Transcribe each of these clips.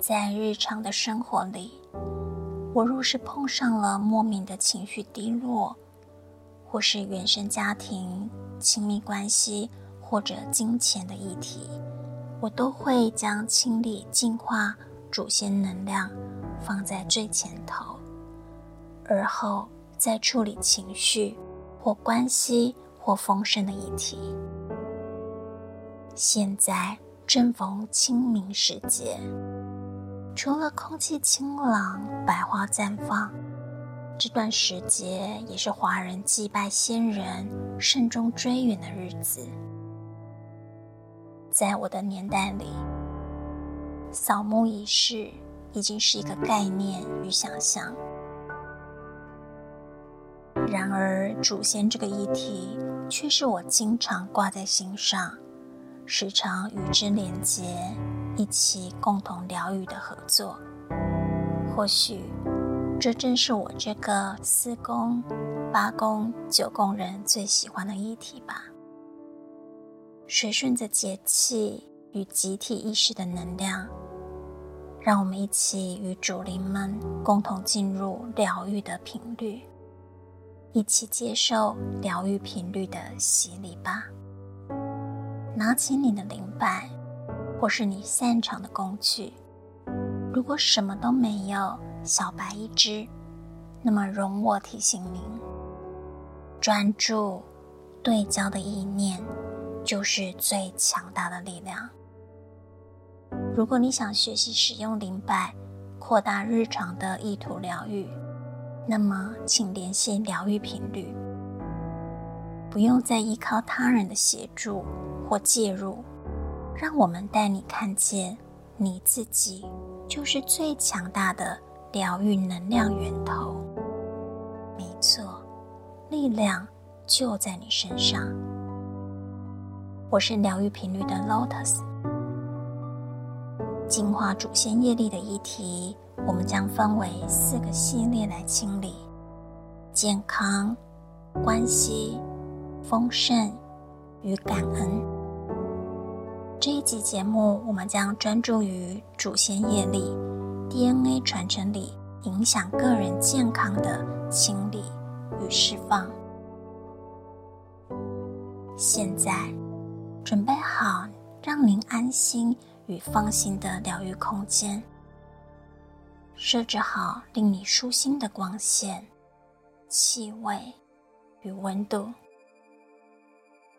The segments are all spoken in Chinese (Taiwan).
在日常的生活裡，我若是碰上了莫名的情緒低落，或是原生家庭、親密關係或者金錢的議題，我都會將清理、淨化祖先能量放在最前頭，而後再處理情緒、或關係、或豐盛的議題。現在正逢清明時節。除了空氣清朗、百花綻放，這段時節也是華人祭拜先人、慎終追遠的日子。在我的年代裡，掃墓儀式已經是一個概念與想象。然而，祖先這個議題卻是我經常掛在心上，時常與之連結。一起共同療癒的合作，或許這正是我這個四宮、八宮、九宮人最喜歡的議題吧。隨順着節氣與集體意識的能量，讓我們一起與祖靈們共同進入療癒的頻率，一起接受療癒頻率的洗禮吧。拿起你的靈擺。或是你擅長的工具，如果什麼都沒有，小白一隻，那麼容我提醒您：專注、對焦的意念就是最強大的力量。如果你想學習使用靈擺，擴大日常的意圖療癒，那麼請聯繫療癒頻率，不用再依靠他人的協助或介入。讓我們帶你看見，你自己就是最強大的療癒能量源頭。沒錯，力量就在你身上。我是療癒頻率的 Lotus，淨化祖先業力的議題，我們將分為四個系列來清理：健康、關係、豐盛與感恩。這一集節目，我們將專注於祖先業力、DNA 傳承裡影響個人健康的清理與釋放。現在，準備好讓您安心與放心的療癒空間，設置好令你舒心的光線、氣味與溫度，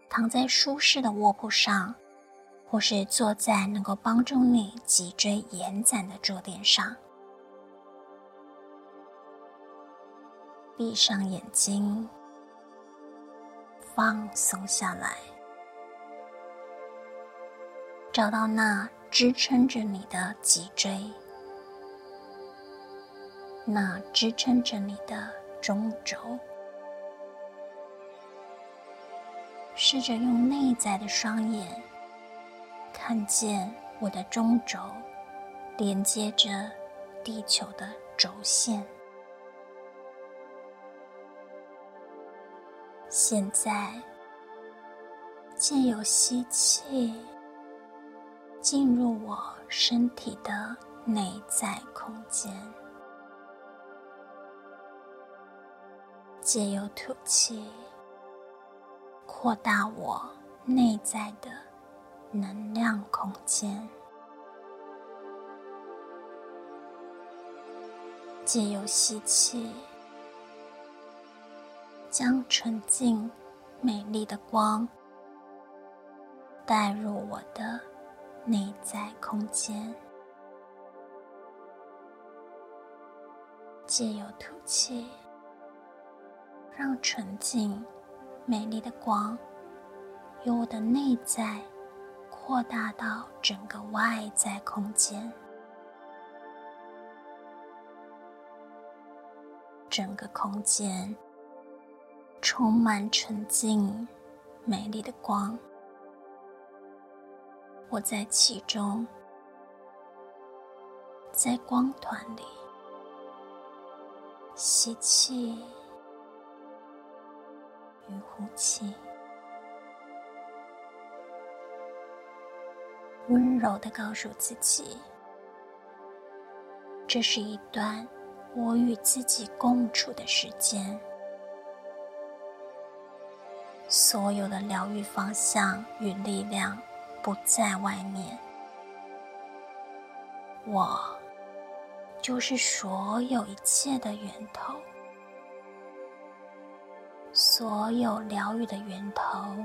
躺在舒適的臥鋪上。或是坐在能夠幫助你脊椎延展的坐墊上，閉上眼睛，放鬆下來，找到那支撐着你的脊椎，那支撐着你的中軸，試着用內在的雙眼。看見我的中軸連接着地球的軸線。現在借由吸氣進入我身體的內在空間，借由吐氣擴大我內在的。能量空間，借由吸氣，將純淨、美麗的光帶入我的內在空間；借由吐氣，讓純淨、美麗的光由我的內在。擴大到整個外在空間，整個空間充滿純淨、美麗的光，我在其中，在光團裡吸氣與呼氣。溫柔地告訴自己，這是一段我與自己共處的時間。所有的療癒方向與力量不在外面，我就是所有一切的源頭，所有療癒的源頭。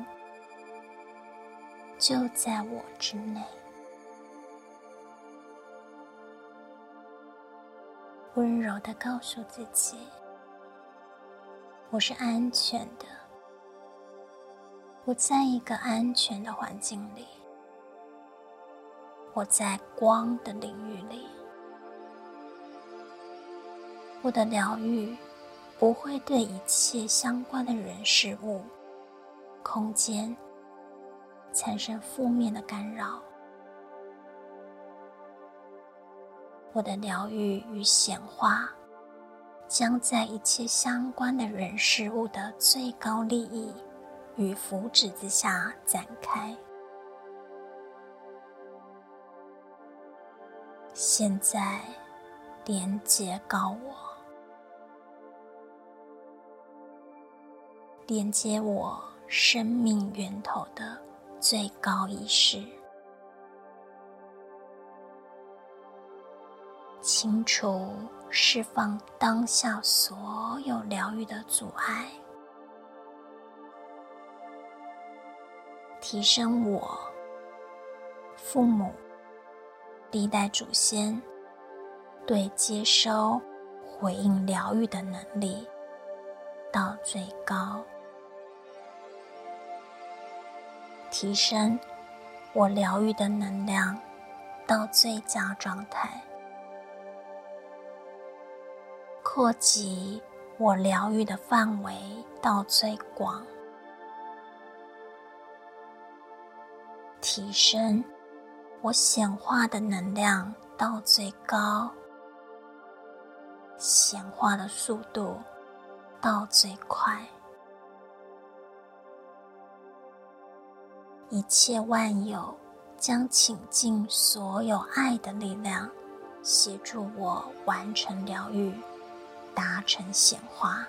就在我之內，溫柔的告訴自己，我是安全的。我在一個安全的環境裡，我在光的領域裡，我的療癒不會對一切相關的人、事物、空間。產生負面的干擾。我的療癒與顯化，將在一切相關的人事物的最高利益與福祉之下展開。現在，連接高我，連接我生命源頭的。最高儀式，清除、釋放當下所有療癒的阻礙，提升我、父母、歷代祖先對接收、回應療癒的能力到最高。提升我療癒的能量到最佳狀態，擴及我療癒的範圍到最廣，提升我顯化的能量到最高，顯化的速度到最快。一切萬有將傾盡所有愛的力量，協助我完成療癒，達成顯化。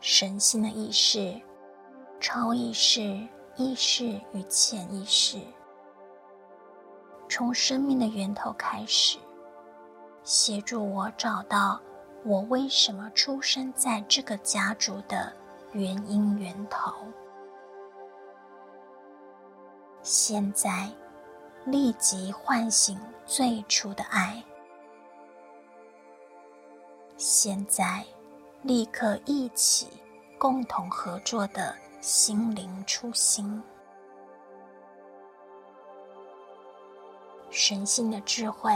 神性的意識、超意識、意識與潛意識，從生命的源頭開始，協助我找到我為什麼出生在這個家族的。原因源頭。現在，立即喚醒最初的愛。現在，立刻一起共同合作的心靈初心。神性的智慧、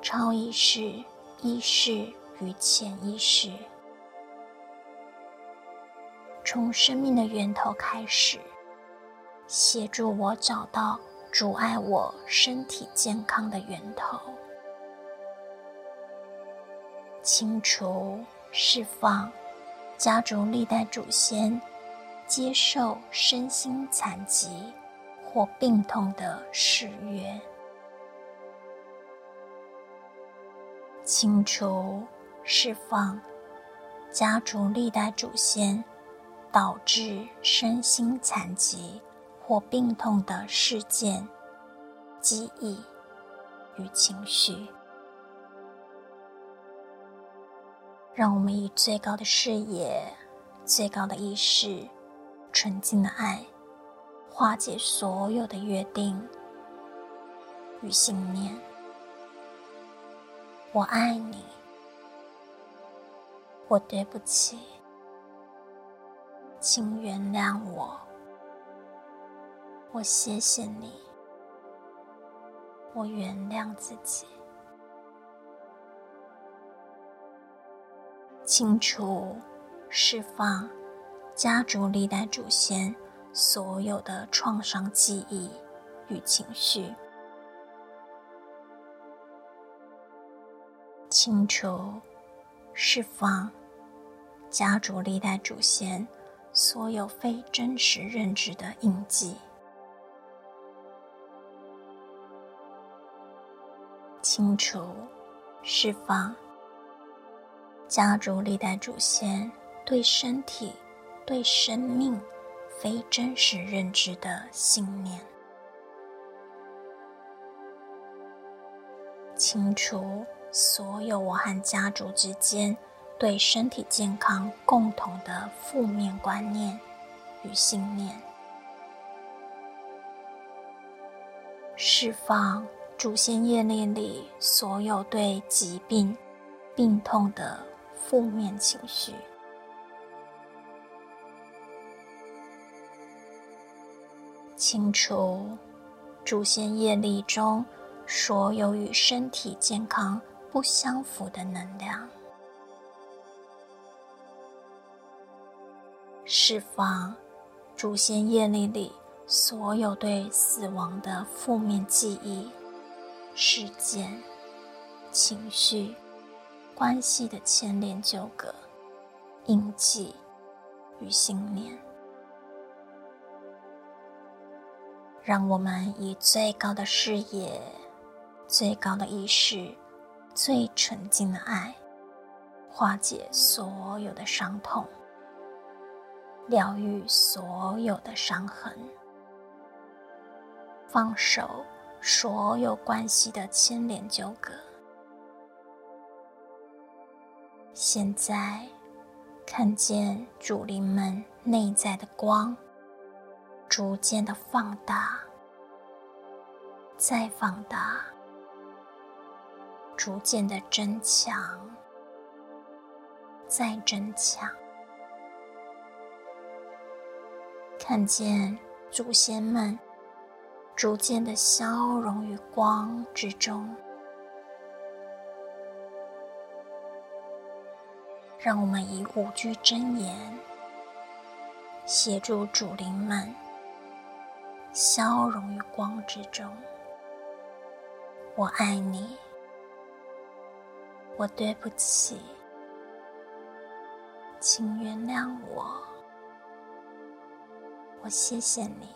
超意識、意識與潛意識。從生命的源頭開始，協助我找到阻礙我身體健康的源頭，清除、釋放家族歷代祖先接受身心殘疾或病痛的誓約，清除、釋放家族歷代祖先。導致身心殘疾或病痛的事件、記憶與情緒，讓我們以最高的視野、最高的意識、純淨的愛，化解所有的約定與信念。我愛你，我對不起。請原諒我，我謝謝你，我原諒自己。清除、釋放家族歷代祖先所有的創傷記憶與情緒。清除、釋放家族歷代祖先。所有非真實認知的印記，清除、釋放家族歷代祖先對身體、對生命非真實認知的信念，清除所有我和家族之間。對身體健康共同的負面觀念與信念，釋放祖先業力裡所有對疾病、病痛的負面情緒，清除祖先業力中所有與身體健康不相符的能量。釋放祖先業力裡所有對死亡的負面記憶、事件、情緒、關係的牽連糾葛、印記與信念，讓我們以最高的視野、最高的意識、最純淨的愛，化解所有的傷痛。療癒所有的傷痕，放手所有關係的牽連糾葛。現在，看見祖靈們內在的光，逐漸的放大，再放大，逐漸的增強，再增強。看見祖先們逐漸的消融於光之中，讓我們以五句真言協助祖靈們消融於光之中。我愛你，我對不起，請原諒我。我謝謝你，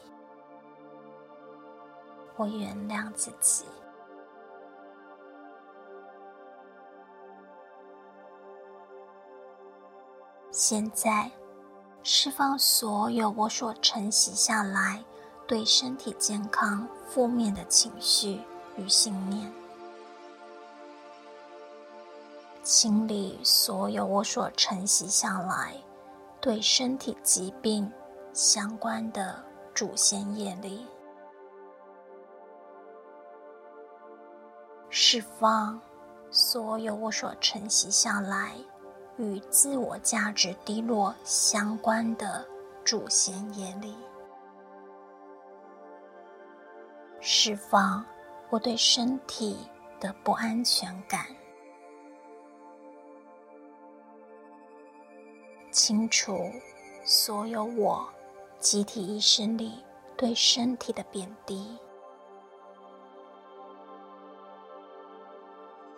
我原諒自己。現在，釋放所有我所承襲下來對身體健康負面的情緒與信念，清理所有我所承襲下來對身體疾病相關的祖先業力，釋放所有我所承襲下來與自我價值低落相關的祖先業力，釋放我對身體的不安全感，清除所有我。集體意識裡對身體的貶低，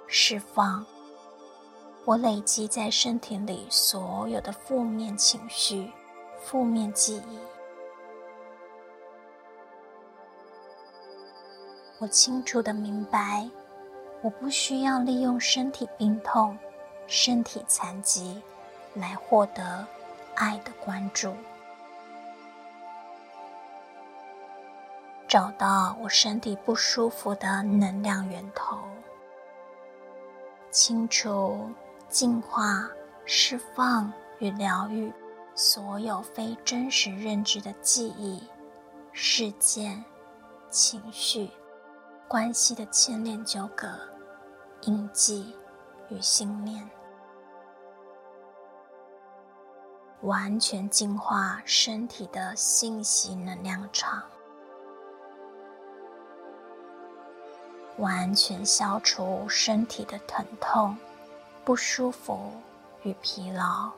釋放，我累積在身體裡所有的負面情緒、負面記憶。我清楚地明白，我不需要利用身體病痛、身體殘疾來獲得愛的關注。找到我身體不舒服的能量源頭，清除、淨化、釋放與療癒所有非真實認知的記憶、事件、情緒、關係的牽連糾葛、印記與信念，完全淨化身體的信息能量場。完全消除身體的疼痛、不舒服與疲勞，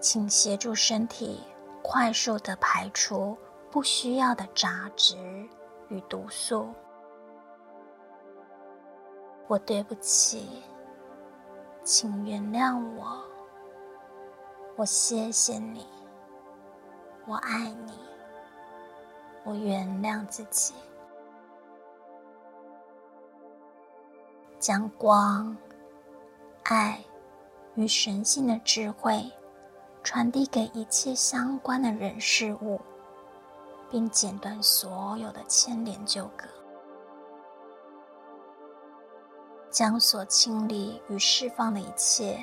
請協助身體快速的排出不需要的雜質與毒素。我對不起，請原諒我，我謝謝你，我愛你。我原諒自己，將光、愛與神性的智慧傳遞給一切相關的人事物，並剪斷所有的牽連糾葛。將所清理與釋放的一切，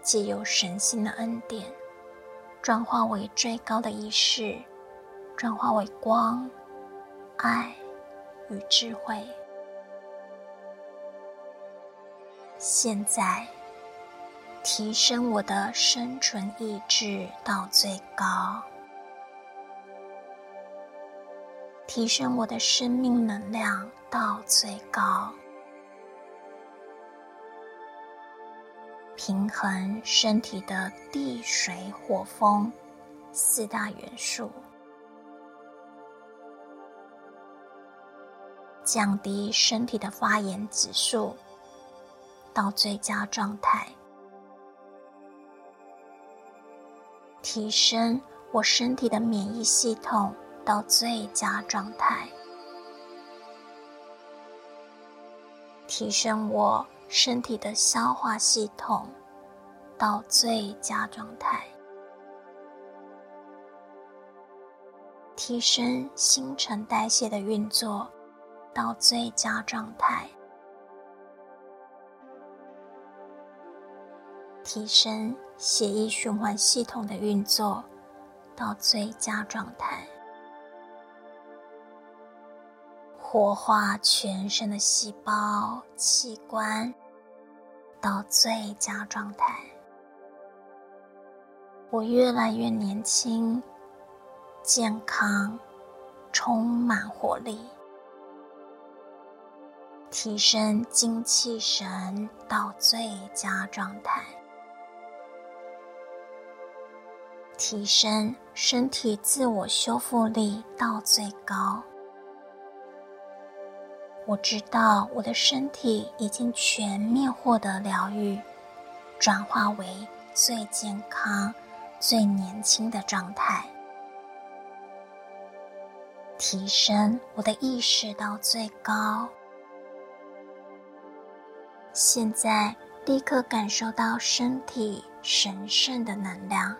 借由神性的恩典，轉化為最高的意識。轉化為光、愛與智慧。現在，提升我的生存意志到最高，提升我的生命能量到最高，平衡身體的地、水、火、風四大元素。降低身體的發炎指數到最佳狀態，提升我身體的免疫系統到最佳狀態，提升我身體的消化系統到最佳狀態，提升新陳代謝的運作。到最佳狀態，提升血液循環系統的運作到最佳狀態，活化全身的細胞器官到最佳狀態。我越來越年輕、健康、充滿活力。提升精氣神到最佳狀態，提升身體自我修復力到最高。我知道我的身體已經全面獲得療癒，轉化為最健康、最年輕的狀態。提升我的意識到最高。現在立刻感受到身體神聖的能量，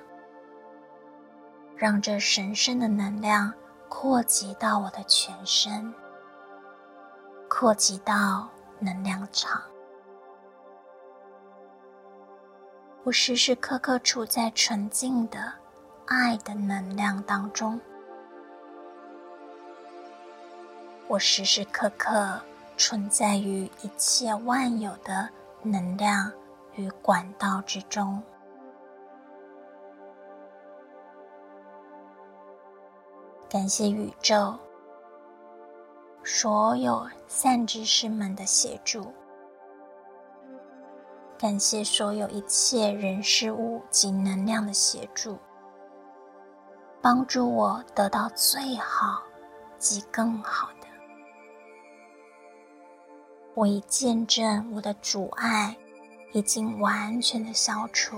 讓這神聖的能量擴及到我的全身，擴及到能量場。我時時刻刻處在純淨的愛的能量當中，我時時刻刻。存在於一切萬有的能量與管道之中。感謝宇宙所有善知識們的協助，感謝所有一切人事物及能量的協助，幫助我得到最好及更好的。我已見證，我的阻礙已經完全的消除。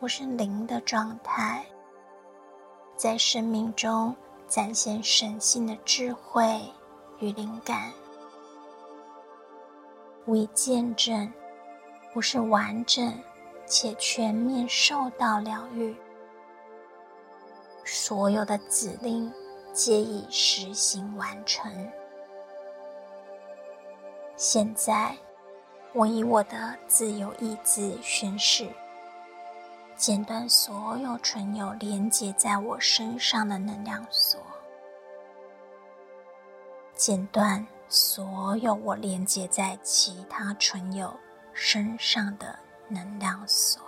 我是靈的狀態，在生命中展現神性的智慧與靈感。我已見證，我是完整且全面受到療癒，所有的指令皆已實行完成。現在，我以我的自由意志宣誓：剪斷所有存有連接在我身上的能量鎖，剪斷所有我連接在其他存有身上的能量鎖。